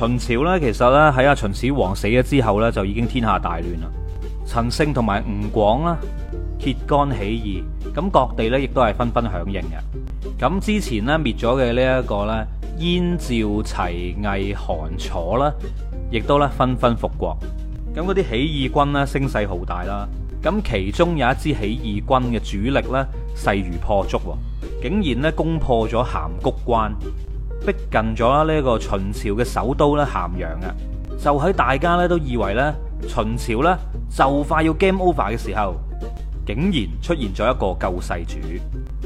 秦朝咧，其實咧喺阿秦始皇死咗之後咧，就已經天下大亂啦。陳勝同埋吳廣啦，揭竿起義，咁各地咧亦都係紛紛響應嘅。咁之前咧滅咗嘅呢一個咧，燕趙齊魏韓楚啦，亦都咧紛紛復國。咁嗰啲起義軍呢，聲勢浩大啦。咁其中有一支起義軍嘅主力咧，勢如破竹，竟然咧攻破咗函谷關。逼近咗呢個秦朝嘅首都咧咸陽啊，就喺大家咧都以為咧秦朝咧就快要 game over 嘅時候，竟然出現咗一個救世主。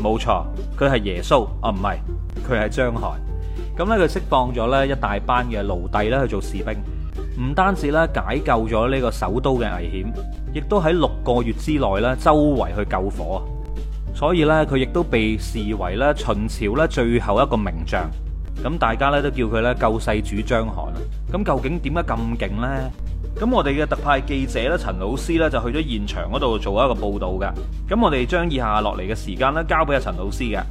冇錯，佢係耶穌啊，唔係，佢係章邯咁咧。佢釋放咗咧一大班嘅奴隸咧去做士兵，唔單止咧解救咗呢個首都嘅危險，亦都喺六個月之內咧周圍去救火，所以咧佢亦都被視為咧秦朝咧最後一個名將。咁大家咧都叫佢咧救世主章邯啊！咁究竟點解咁勁咧？咁我哋嘅特派記者咧陳老師咧就去咗現場嗰度做一個報道噶。咁我哋將以下落嚟嘅時間咧交俾阿陳老師嘅。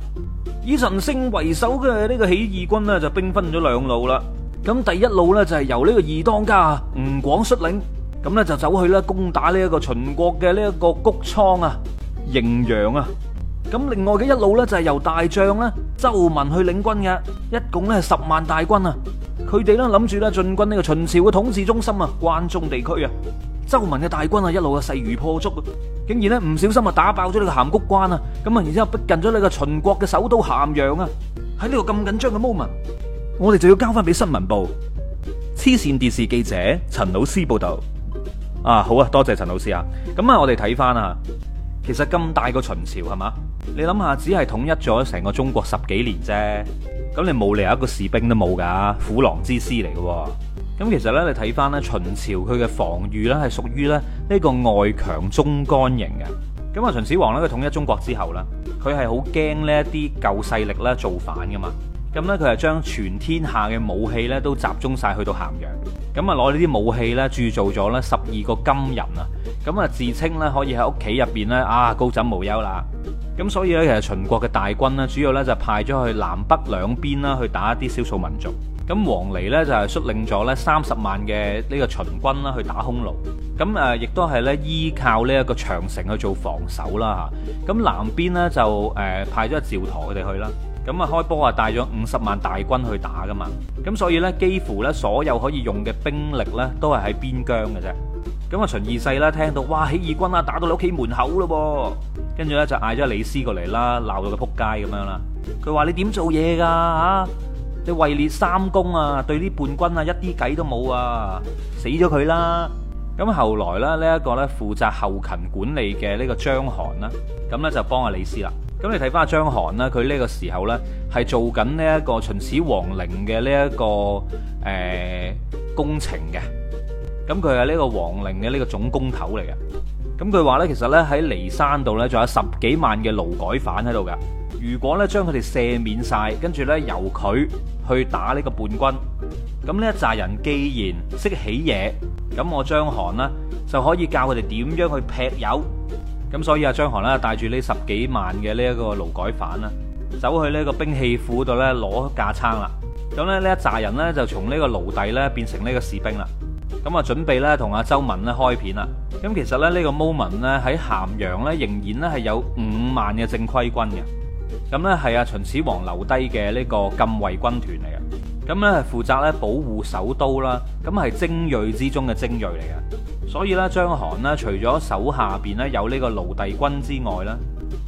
以陳勝為首嘅呢個起義軍咧就兵分咗兩路啦。咁第一路咧就係由呢個二當家吳廣率領，咁咧就走去咧攻打呢一個秦國嘅呢一個穀倉啊、滎陽啊。咁另外嘅一路咧就係由大將咧周文去領軍嘅一，共咧十萬大軍啊，佢哋咧諗住咧進軍呢個秦朝嘅統治中心啊，關中地區啊，周文嘅大軍啊一路啊勢如破竹，竟然咧唔小心啊打爆咗呢個函谷關啊，咁啊，然之後逼近咗呢個秦國嘅首都咸陽啊。喺呢個咁緊張嘅 moment，我哋就要交翻俾新聞部黐線電視記者陳老師報道啊。好啊，多謝陳老師啊。咁啊，我哋睇翻啊，其實咁大個秦朝係嘛，你諗下，只係統一咗成個中國十幾年啫。咁你冇理由一個士兵都冇噶，虎狼之師嚟嘅。咁其實呢，你睇翻呢，秦朝佢嘅防禦呢，係屬於呢呢個外強中乾型嘅。咁啊，秦始皇呢，佢統一中國之後呢，佢係好驚呢啲舊勢力呢造反噶嘛咁呢，佢係將全天下嘅武器咧都集中晒去到咸陽，咁啊攞呢啲武器咧鑄造咗咧十二個金人啊，咁啊自稱咧可以喺屋企入邊咧啊高枕無憂啦，咁所以咧其實秦國嘅大軍呢，主要咧就派咗去南北兩邊啦，去打一啲少數民族。咁王離呢，就係率領咗咧三十萬嘅呢個秦軍啦去打匈奴，咁誒亦都係咧依靠呢一個長城去做防守啦吓。咁南邊呢，就誒派咗趙佗佢哋去啦。咁啊，開波啊，帶咗五十萬大軍去打噶嘛，咁所以咧，幾乎咧所有可以用嘅兵力咧，都係喺邊疆嘅啫。咁啊，秦二世啦，聽到哇，起義軍啊，打到你屋企門口咯，跟住咧就嗌咗李斯過嚟啦，鬧到佢撲街咁樣啦。佢話：你點做嘢㗎？嚇，你位列三公啊，對呢叛軍啊，一啲計都冇啊，死咗佢啦！咁後來咧，呢一個咧負責後勤管理嘅呢個章邯啦，咁咧就幫阿李斯啦。咁你睇翻阿張韓啦，佢呢個時候呢，係做緊呢一個秦始皇陵嘅呢一個誒、呃、工程嘅，咁佢係呢個皇陵嘅呢個總工頭嚟嘅。咁佢話呢，其實呢，喺驪山度呢，仲有十幾萬嘅勞改犯喺度噶，如果呢，將佢哋赦免晒，跟住呢，由佢去打呢個叛軍。咁呢一紮人既然識起嘢，咁我張韓呢，就可以教佢哋點樣去劈友。咁所以阿章邯咧帶住呢十幾萬嘅呢一個勞改犯啦，走去呢個兵器庫度咧攞架撐啦。咁咧呢一扎人呢，就從呢個奴隸咧變成呢個士兵啦。咁啊準備呢同阿周文咧開片啦。咁其實咧呢個 moment 呢喺咸陽咧仍然咧係有五萬嘅正規軍嘅。咁呢係阿秦始皇留低嘅呢個禁衛軍團嚟嘅。咁咧，負責咧保護首都啦，咁係精鋭之中嘅精鋭嚟嘅。所以咧，章邯呢，除咗手下邊咧有呢個奴隸軍之外咧，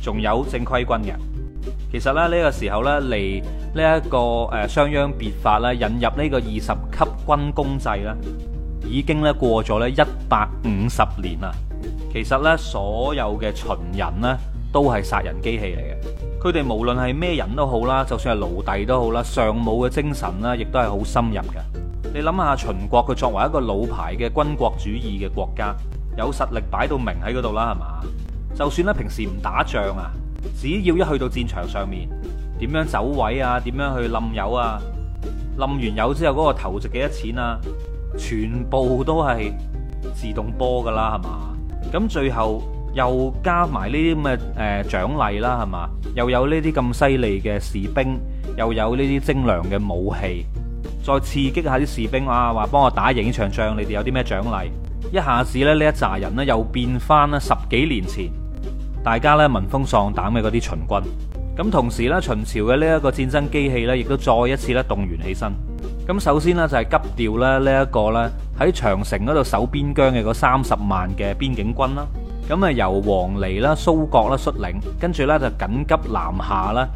仲有正規軍嘅。其實咧，呢個時候咧，離呢一個誒商鞅變法啦，引入呢個二十級軍功制咧，已經咧過咗咧一百五十年啦。其實咧，所有嘅秦人呢，都係殺人機器嚟嘅。佢哋無論係咩人都好啦，就算係奴隸都好啦，尚武嘅精神啦，亦都係好深入嘅。你諗下，秦國佢作為一個老牌嘅軍國主義嘅國家，有實力擺到明喺嗰度啦，係嘛？就算咧平時唔打仗啊，只要一去到戰場上面，點樣走位啊，點樣去冧友啊，冧完友之後嗰個頭值幾多錢啊，全部都係自動波㗎啦，係嘛？咁最後，又加埋呢啲咁嘅誒獎勵啦，係嘛？又有呢啲咁犀利嘅士兵，又有呢啲精良嘅武器，再刺激下啲士兵啊！話幫我打贏呢場仗，你哋有啲咩獎勵？一下子咧，呢一紮人呢又變翻咧十幾年前大家呢聞風喪膽嘅嗰啲秦軍。咁同時呢，秦朝嘅呢一個戰爭機器呢亦都再一次咧動員起身。咁首先呢，就係急調咧呢一個呢喺長城嗰度守邊疆嘅嗰三十萬嘅邊境軍啦。咁啊，由王離啦、蘇角啦、率領，跟住咧就緊急南下啦，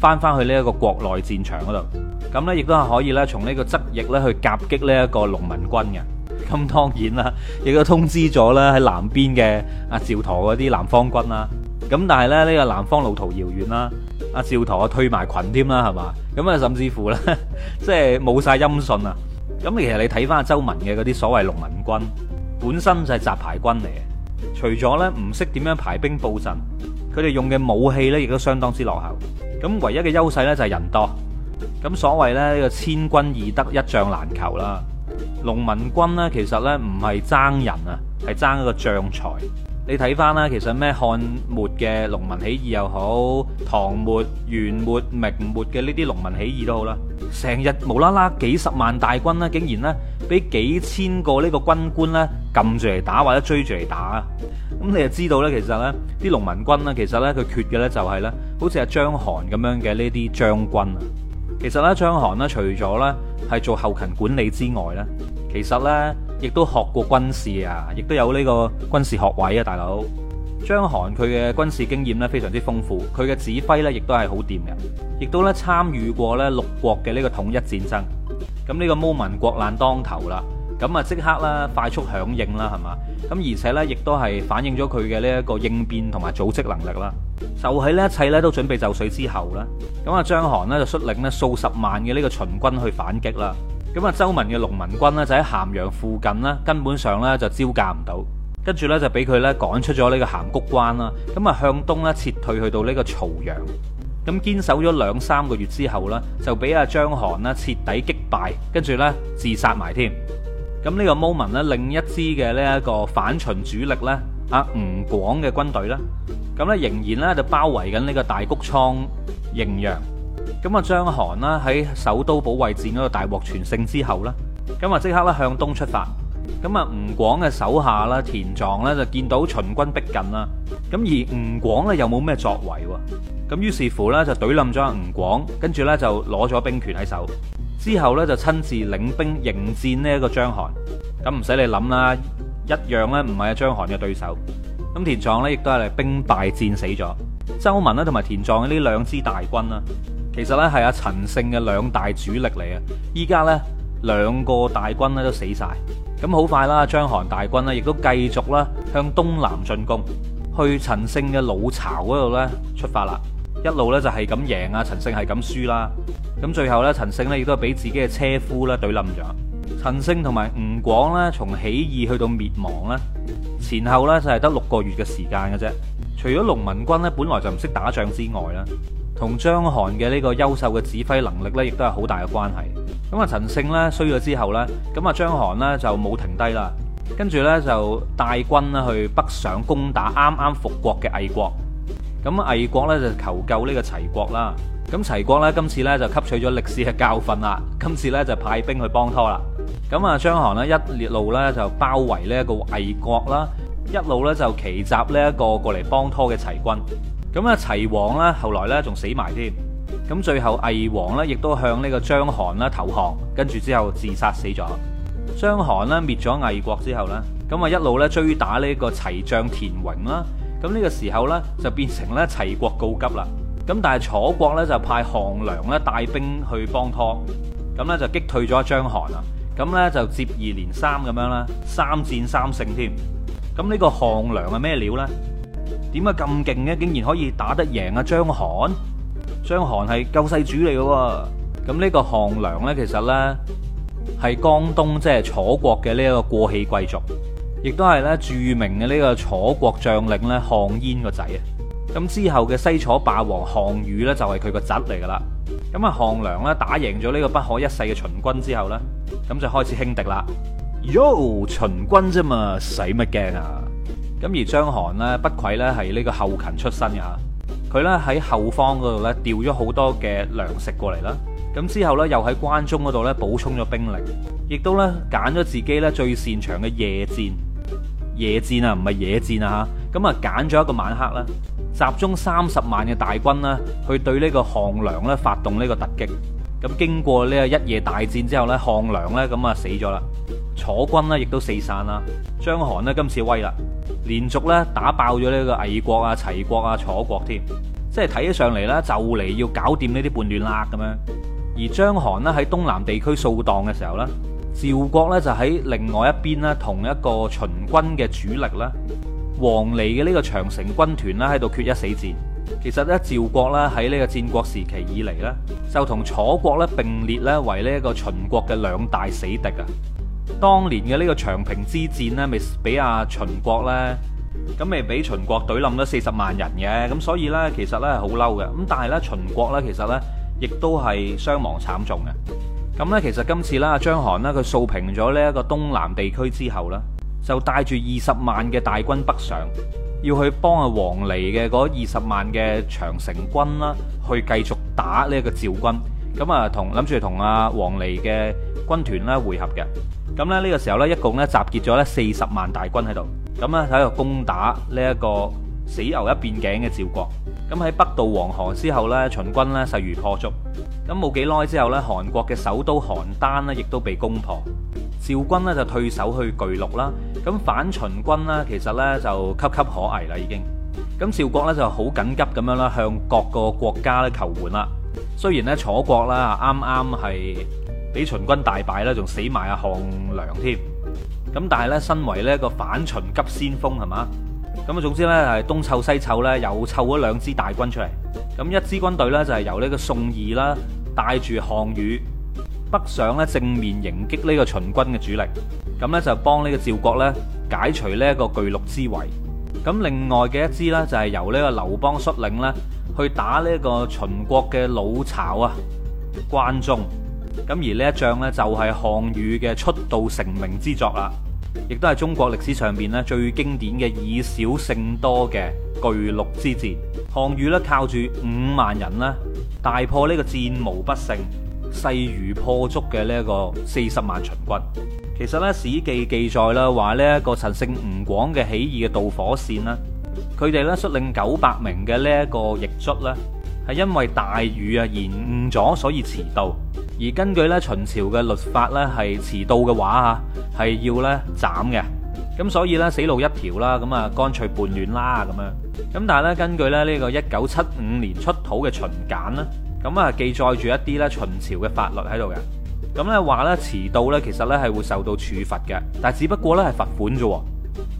翻翻去呢一個國內戰場嗰度。咁咧，亦都係可以咧，從呢個側翼咧去夾擊呢一個農民軍嘅。咁當然啦，亦都通知咗咧喺南邊嘅阿趙佗嗰啲南方軍啦。咁但係咧，呢個南方路途遙遠啦，阿趙佗啊退埋群添啦，係嘛？咁啊，甚至乎咧，即係冇曬音訊啊。咁其實你睇翻阿周文嘅嗰啲所謂農民軍，本身就係雜牌軍嚟。除咗咧唔識點樣排兵布陣，佢哋用嘅武器咧亦都相當之落後。咁唯一嘅優勢咧就係人多。咁所謂呢個千軍易得，一將難求啦。農民軍咧其實咧唔係爭人啊，係爭一個將才。你睇翻啦，其實咩漢末嘅農民起義又好，唐末、元末、明末嘅呢啲農民起義都好啦，成日無啦啦幾十萬大軍咧，竟然咧俾幾千個呢個軍官咧。撳住嚟打或者追住嚟打啊！咁你就知道呢。其實呢啲農民軍呢，其實呢，佢缺嘅呢就係呢，好似阿章邯咁樣嘅呢啲將軍啊！其實呢，章邯呢，除咗呢係做後勤管理之外呢，其實呢亦都學過軍事啊，亦都有呢個軍事學位啊，大佬。章邯佢嘅軍事經驗呢非常之豐富，佢嘅指揮呢亦都係好掂嘅，亦都呢參與過呢六國嘅呢個統一戰爭。咁呢個饑民國難當頭啦。咁啊！即刻啦，快速響應啦，係嘛？咁而且呢，亦都係反映咗佢嘅呢一個應變同埋組織能力啦。就喺呢一切呢，都準備就緒之後啦，咁啊，章邯呢，就率領呢數十萬嘅呢個秦軍去反擊啦。咁啊，周文嘅農民軍呢，就喺咸陽附近啦，根本上呢，就招架唔到，跟住呢，就俾佢呢趕出咗呢個函谷關啦。咁啊，向東呢，撤退去到呢個曹陽。咁堅守咗兩三個月之後呢，就俾阿章邯呢徹底擊敗，跟住呢，自殺埋添。咁呢個 moment 咧，另一支嘅呢一個反秦主力咧，阿吳廣嘅軍隊咧，咁咧仍然咧就包圍緊呢個大谷倉滎陽。咁啊，章邯啦喺首都保衛戰嗰度大獲全勝之後咧，咁啊即刻咧向東出發。咁啊，吳廣嘅手下啦，田臧咧就見到秦軍逼近啦。咁而吳廣咧又冇咩作為喎。咁於是乎咧就懟冧咗阿吳廣，跟住咧就攞咗兵權喺手。之後咧就親自領兵迎戰呢一個張韓，咁唔使你諗啦，一樣咧唔係阿張韓嘅對手。咁田壯呢，亦都係嚟兵敗戰死咗。周文咧同埋田壯呢兩支大軍啦，其實呢係阿陳勝嘅兩大主力嚟嘅。依家呢，兩個大軍咧都死晒。咁好快啦，張韓大軍呢，亦都繼續啦向東南進攻，去陳勝嘅老巢嗰度呢，出發啦。一路咧就係咁贏啊，陳勝係咁輸啦，咁最後咧陳勝呢亦都係俾自己嘅車夫咧對冧咗。陳勝同埋吳廣呢，從起義去到滅亡咧，前後咧就係得六個月嘅時間嘅啫。除咗農民軍咧本來就唔識打仗之外啦，同章邯嘅呢個優秀嘅指揮能力咧，亦都有好大嘅關係。咁啊陳勝咧衰咗之後咧，咁啊章邯呢，就冇停低啦，跟住咧就帶軍咧去北上攻打啱啱復國嘅魏國。咁魏國咧就求救呢個齊國啦，咁齊國呢，今次呢，就吸取咗歷史嘅教訓啦，今次呢，就派兵去幫拖啦。咁啊章邯呢，一路呢，就包圍呢一個魏國啦，一路呢，就奇襲呢一個過嚟幫拖嘅齊軍。咁啊齊王呢，後來呢，仲死埋添，咁最後魏王呢，亦都向呢個章邯呢投降，跟住之後自殺死咗。章邯呢，滅咗魏國之後呢，咁啊一路呢，追打呢個齊將田榮啦。咁呢個時候呢，就變成咧齊國告急啦。咁但係楚國咧就派項梁咧帶兵去幫拖。咁咧就擊退咗章邯啊。咁咧就接二連三咁樣啦，三戰三勝添。咁呢個項梁係咩料呢？點解咁勁呢？竟然可以打得贏啊章邯！章邯係救世主嚟嘅喎。咁呢個項梁呢，其實呢，係江東即係、就是、楚國嘅呢一個過氣貴族。亦都係咧著名嘅呢個楚國將領咧項燕個仔啊。咁之後嘅西楚霸王項羽咧就係佢個侄嚟噶啦。咁啊項梁咧打贏咗呢個不可一世嘅秦軍之後咧，咁就開始輕敵啦。Yo 秦軍啫嘛，使乜驚啊？咁而張邯呢，不愧咧係呢個後勤出身嘅。佢咧喺後方嗰度咧調咗好多嘅糧食過嚟啦。咁之後咧又喺關中嗰度咧補充咗兵力，亦都咧揀咗自己咧最擅長嘅夜戰。夜戰，野戰啊，唔係野戰啊吓，咁啊揀咗一個晚黑啦，集中三十萬嘅大軍啦，去對呢個項梁咧發動呢個突擊。咁經過呢個一夜大戰之後咧，項梁咧咁啊死咗啦，楚軍呢亦都四散啦，章邯呢，今次威啦，連續咧打爆咗呢個魏國啊、齊國啊、楚國添，即係睇起上嚟咧，就嚟要搞掂呢啲叛亂啦咁樣。而章邯呢喺東南地區掃蕩嘅時候咧。趙國咧就喺另外一邊咧，同一個秦軍嘅主力咧，王離嘅呢個長城軍團咧喺度決一死戰。其實咧，趙國咧喺呢個戰國時期以嚟咧，就同楚國咧並列咧為呢一個秦國嘅兩大死敵啊！當年嘅呢個長平之戰咧，咪俾阿秦國咧，咁咪俾秦國隊冧咗四十萬人嘅，咁所以咧，其實咧係好嬲嘅。咁但係咧，秦國咧其實咧，亦都係傷亡慘重嘅。咁咧，其實今次咧，章邯呢，佢掃平咗呢一個東南地區之後呢，就帶住二十萬嘅大軍北上，要去幫阿王離嘅嗰二十萬嘅長城軍啦，去繼續打呢一個趙軍。咁啊，同諗住同阿王離嘅軍團啦會合嘅。咁咧呢個時候咧，一共咧集結咗咧四十萬大軍喺度。咁咧喺度攻打呢一個死牛一邊頸嘅趙國。咁喺北渡黃河之後咧，秦軍咧勢如破竹。咁冇幾耐之後咧，韓國嘅首都邯鄲咧，亦都被攻破，趙軍咧就退守去巨鹿啦。咁反秦軍咧，其實咧就岌岌可危啦，已經。咁趙國咧就好緊急咁樣啦，向各個國家咧求援啦。雖然咧楚國啦，啱啱係俾秦軍大敗啦，仲死埋阿項梁添。咁但係咧，身為呢個反秦急先鋒係嘛？咁啊，總之咧係東湊西湊咧，又湊咗兩支大軍出嚟。咁一支軍隊咧就係由呢個宋義啦。帶住項羽北上咧，正面迎擊呢個秦軍嘅主力，咁咧就幫呢個趙國咧解除呢一個巨鹿之圍。咁另外嘅一支咧就係由呢個劉邦率領咧去打呢個秦國嘅老巢啊關中。咁而呢一仗咧就係項羽嘅出道成名之作啦。亦都係中國歷史上邊咧最經典嘅以少勝多嘅巨鹿之戰。項羽咧靠住五萬人咧大破呢個戰無不勝、勢如破竹嘅呢一個四十萬秦軍。其實呢《史記》記載啦，話呢一個陳勝吳廣嘅起義嘅導火線啦，佢哋咧率領九百名嘅呢一個役卒咧係因為大雨啊延誤咗，所以遲到。而根據咧秦朝嘅律法咧，係遲到嘅話嚇係要咧斬嘅，咁所以咧死路一條啦，咁啊乾脆叛亂啦咁樣，咁但係咧根據咧呢個一九七五年出土嘅秦簡咧，咁啊記載住一啲咧秦朝嘅法律喺度嘅，咁咧話咧遲到咧其實咧係會受到處罰嘅，但係只不過咧係罰款啫。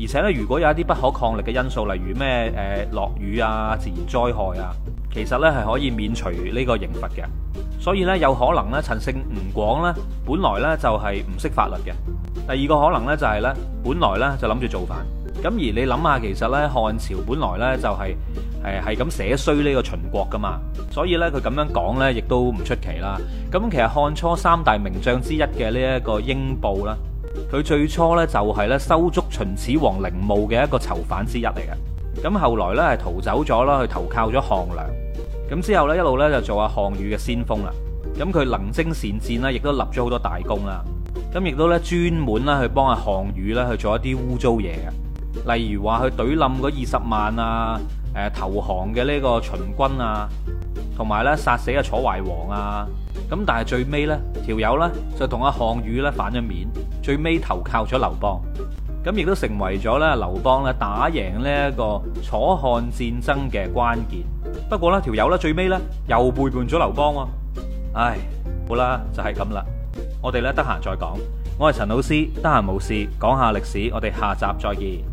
而且咧，如果有一啲不可抗力嘅因素，例如咩誒落雨啊、自然災害啊，其實呢，係可以免除呢個刑罰嘅。所以呢，有可能呢，陳勝吳廣呢，本來呢，就係唔識法律嘅。第二個可能呢，就係呢，本來呢，就諗住造反。咁而你諗下，其實呢，漢朝本來呢，就係誒，係咁寫衰呢個秦國噶嘛，所以呢，佢咁樣講呢，亦都唔出奇啦。咁其實漢初三大名將之一嘅呢一個英布啦。佢最初呢，就係咧收足秦始皇陵墓嘅一個囚犯之一嚟嘅，咁後來呢，係逃走咗啦，去投靠咗項梁，咁之後呢，一路呢，就做阿項羽嘅先鋒啦。咁佢能征善戰啦，亦都立咗好多大功啦。咁亦都呢，專門呢，去幫阿項羽呢，去做一啲污糟嘢，嘅，例如話去懟冧嗰二十萬啊，誒投降嘅呢個秦軍啊。同埋咧，殺死阿楚懷王啊，咁但係最尾呢，條友呢就同阿項羽咧反咗面，最尾投靠咗劉邦，咁亦都成為咗咧劉邦咧打贏呢一個楚漢戰爭嘅關鍵。不過呢條友呢，最尾呢又背叛咗劉邦喎。唉，好啦，就係咁啦，我哋咧得閒再講。我係陳老師，得閒冇事講下歷史，我哋下集再見。